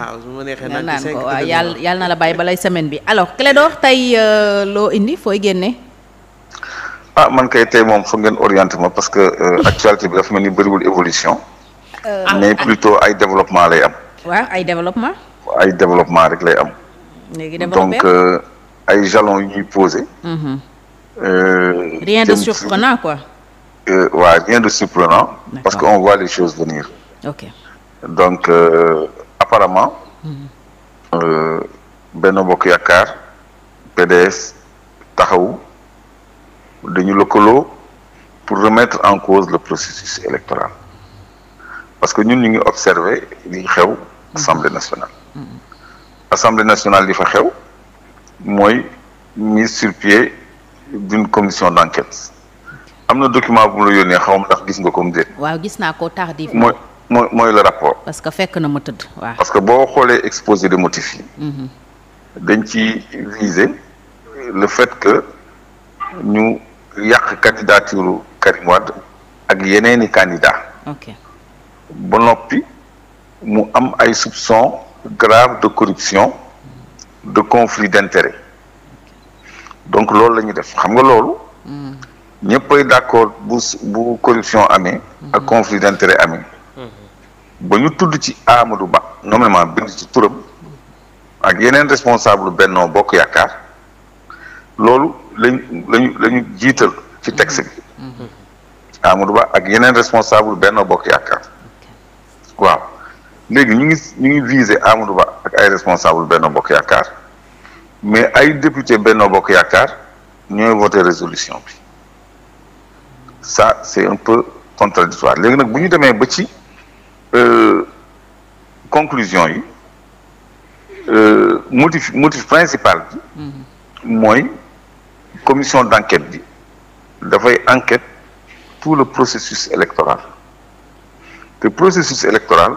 waaw ma neexee naan ci cinq waaw yàlla yàlla na la bàyyi balay semaine bi alors Clédor tey euh, loo indi fooy génne. ah man kay tey moom foog ngeen orienté ma parce que euh, actualité bi dafa mel ni bëriwul évolution. Euh, mais ah, ah. plutôt ay développement lay am. waaw ay développement. ay développement rek lay am. léegi donc ay jalons yu ñuy posé. Mhm. rien de surprenant quoi. waaw rien de surprenant. parce que on voit les choses venir. donc. apparemment mm-hmm. euh, benn Bokk Yaakaar PDS taxaw dañu lëkkaloo pour remettre en cause le processus électoral parce que ñun ñu ngi observer li xew assemblée nationale mm-hmm. assemblée nationale li fa xew mooy mise sur pied d'une commission d'enquête am na document bu mu la yónnee xaw ma ndax gis nga ko mu déet. waaw gis naa ko tardivement. mooy mooy mooy rapport. parce que fekk na ma tëdd parce que boo xoolee exposé des motifs yi. Mhm. dañ ci viser le fait que ñu yàq candidature Karim Wade ak yeneeni candidats. ba noppi mu am ay soupçons graves de corruption de conflit d'intérêt donc loolu la ñuy def xam nga loolu. Mhm. ñëppay d'accord bu bu corruption amee. ak mhm. conflit d'intérêt amee. ba ñu tudd ci Amadou Ba nommément bind ci turam ak yeneen responsable Benno Bokk Yaakaar loolu lañ lañu la jiital ci texte bi mm-hmm. Amadou Ba ak yeneen responsable Benno Bokk Yaakaar waaw léegi ñu ngi ñu ngi visé Amadou Ba ak ay responsable Benno Bokk Yaakaar mais ay député Benno Bokk Yaakaar ñooy voté résolution bi sa c'est un peu contradictoire léegi nag bu ñu demee ba ci Euh, conclusion yi euh, motif motif principal bi mhm. mooy commission d'enquête bi dafay enquête tout le processus électoral te processus électoral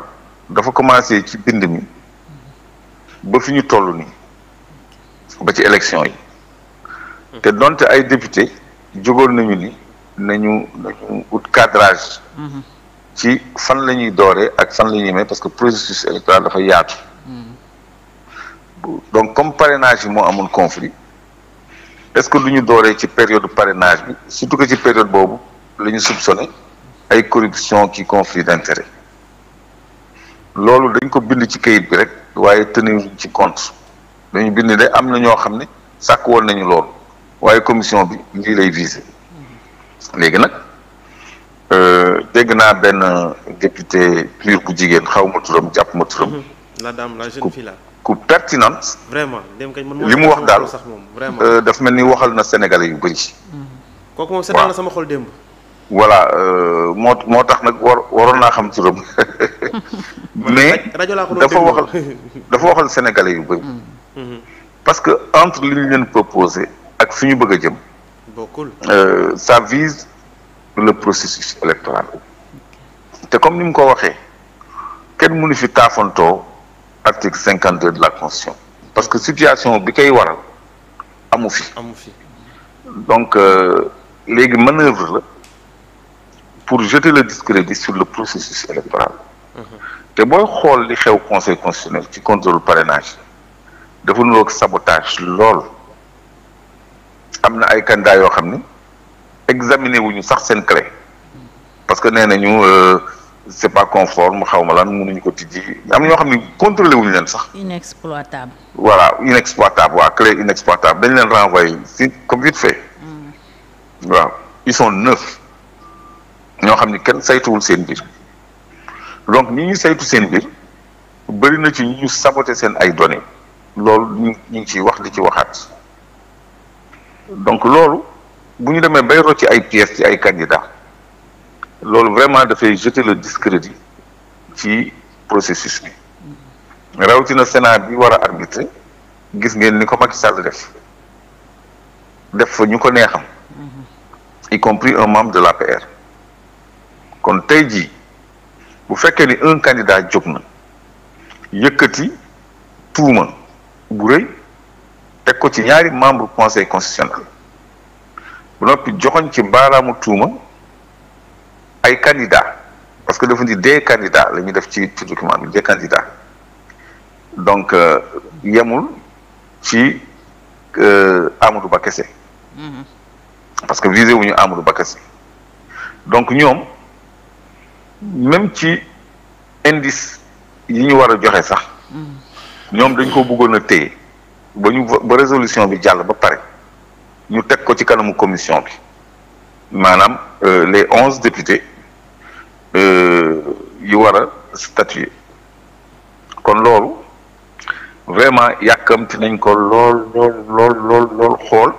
dafa commencé ci bind mi ba fi ñu toll nii ba ci élection yi te donte ay député jógoon nañu ni nañu nañu ut cadrage mhm. ci fan la ñuy dooree ak fan la ñuy parce que processus électoral dafa yaatu. Hmm. donc comme parrainage yi moo amoon conflit est-ce que lu ñu dooree ci période parrainage bi surtout que ci période boobu la ñu soupçonné ay corruption ki conflit d'intérêt loolu dañ ko bind ci kayit bi rek waaye tenir ci compte dañu bind de am na ñoo xam ne sàkk woon nañu loolu waaye commission bi lii lay visé hmm. léegi nag. Euh, dégg naa benn député pur ku jigéen xaw ma turam jàpp ma turam. Mhm. la dame la jeune fille la ku pertinente. vraiment li mu wax daal euh, daf mel ni waxal na Sénégalais yu bëri. Mhm. kooku moom seetaan sama xol démb. voilà euh, moo moo tax nag war waroon naa xam turam. mais dafa waxal dafa waxal Sénégalais yu bëri. Mhm. parce que entre li ñu leen proposé ak fi ñu bëgg a jëm. sa vise. le processus électoral te comme ni mu ko waxee kenn mënu fi taafantoo article cinquante de la constitution parce que situation bi koy waral amu fi donc euh, léegi manœuvre la pour jeter le discrédit sur le processus électoral mhm. te booy xool li xew conseil constitutionnel ci contrôle parrainage dafa nuroog sabotage lool am na ay candidat yoo xam ni examiner wuñu sax seen clé parce que nee nañu euh, c'est pas conforme xaw ma lan mënuñu ko tijji am ñoo xam ne contrôlé wuñu leen sax. inexploitable. voilà inexploitable waa clé inexploitable dañ leen renvoyé si comme vite fait. Mm. waaw ils sont neuf ñoo xam ni kenn saytuwul seen biir donc ñi ñu saytu seen biir bëri na ci ñu saboté seen ay données loolu ñu ñu ngi ciy wax di ci waxaat donc loolu. bu ñu demee bay rocci ay pièces ci ay candidats loolu vraiment dafay jeter le discrédit ci processus bi rawatina Sénat bi war a arbitrer gis ngeen ni ko mag Sall def def fa ñu ko neexam y compris un membre de la l'APR kon tey jii bu fekkee ni un candidat jóg na yëkkati tuuma bu rëy teg ko ci ñaari membre conseil constitutionnel bu noppi joxoñ ci baaraamu tuuma ay candidats parce que dafa ni des candidats la ñuy def ci ci document bi des candidats donc euh, yemul ci euh, Amadou Ba kese mm-hmm. parce que visé wuñu Amadou Ba kese donc ñoom même ci indice yi ñu war a joxe sax mm-hmm. ñoom dañ ko buggoon a téye ba ñu ba résolution bi jàll ba pare ñu teg ko ci kanamu commission bi maanaam euh, les onze députés euh, yu war a statuer kon loolu vraiment yàkkamti nañ ko lool lool lool lool xool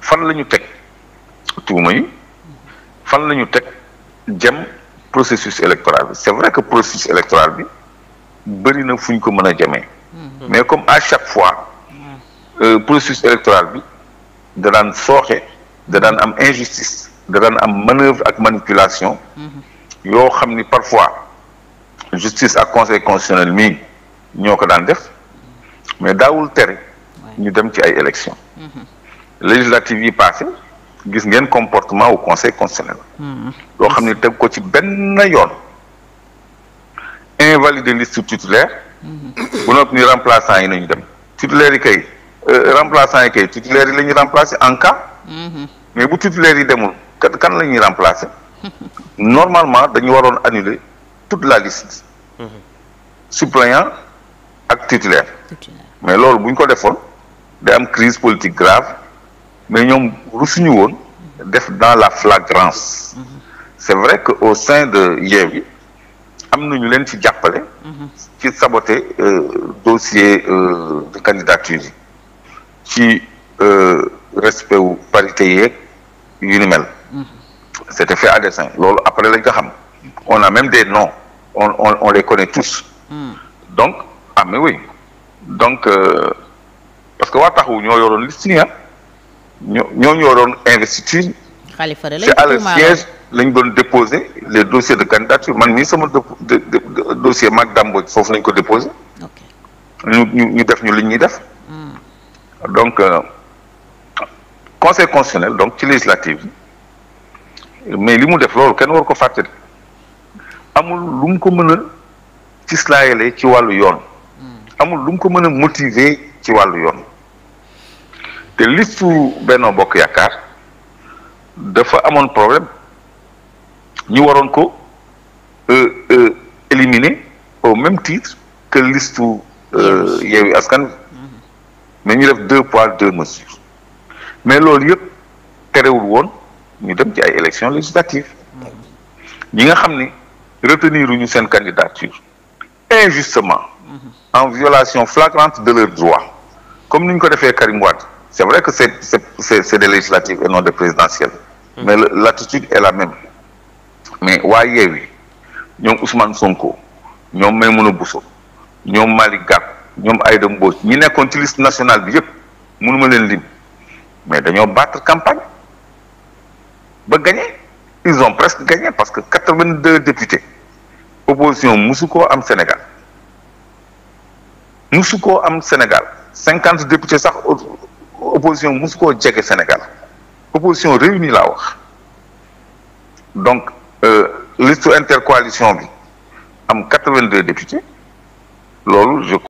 fan la ñu teg tuuma yi fan la ñu teg jëm processus électoral bi c'est vrai que processus électoral bi bëri na fu ñu ko mën a jëmee mm-hmm. mais comme à chaque fois mm-hmm. euh, processus électoral bi da daan sooxe da daan am injustice da daan am manœuvre ak manipulation mhm. yoo xam ni parfois justice ak conseil constitutionnel mii ñoo ko daan def mais daawul tere ñu dem ci ay élections mhm. législatives yi passé gis ngeen comportement au conseil constitutionnel yoo mhm. xam ni teg ko ci benn yoon invalider liste titulaire bu noppi ni remplaçant yi nañu dem titulaire yi kay Euh, remplaçant yi kay titulaire yi la ñuy remplacer en cas. Mhm. mais bu titulaire yi demul kan kan la ñuy remplacer. normalement dañu waroon annuler toute la liste. Mhm. suppléant ak titulaire. mais loolu bu ñu ko defoon day am crise politique grave mais ñoom rusuñu woon def dans la flagrance. Mhm. c'est vrai que au sein de Yewwi am na leen ci jàppale. ci saboter euh, dossier euh, de candidature yi. ci euh, respect wu parité yeeg yu ni mel. Mm-hmm. c'était fait à dessein loolu après lañ ko xam on a même des noms on on on les connaît tous. Mm. donc ah mais donc euh, parce que waa taxawu ñoo yoroon liste nii ah ñoo ñoo yoroon investiture. Khalifa da lañ à le siège lañ doon déposé les dossiers de candidature man mii sama dossier Mac Dambodj foofu lañ ko déposer. ñu ñu def ñu li ñuy def. donc euh, conseil constitutionnel donc ci législative mais li mu def loolu kenn war ko fàttali amul lu mu ko mën a cislaayalee ci wàllu yoon hmm. amul lu mu ko mën a motiver ci wàllu yoon te listu Benno Bokk Yaakaar dafa amoon problème ñu waroon ko euh, euh, éliminer au même titre que listu Yewwi Askan ñu def deux poids deux mesures mais loolu yëpp terewul woon ñu dem ci ay élections législatives ñi nga xam ni retenir uñu seen candidature injustement mhm. en violation flagrante de leur droits comme ni ñu ko defee Karim Wade c'est vrai que c'est c'est c'est des législatives et non des présidentielles mhm. mais l'attitude est la même mais waa Yewwi ñoom Ousmane Sonko ñoom Maimouna Bousso ñoom Malick Gakou ñoom ay Aïda Mbodj ñi nekkoon ci liste nationale bi yëpp mënuma leen lim mais dañoo battre campagne ba gagné ils ont presque gagné parce que quatre-vingt-deux députés opposition musu koo am Sénégal musu koo am Sénégal cinquante députés sax opposition musu koo jege Sénégal opposition réunie laa wax donc euh, liste intercoalition bi am quatre-vingt-deux députés loolu je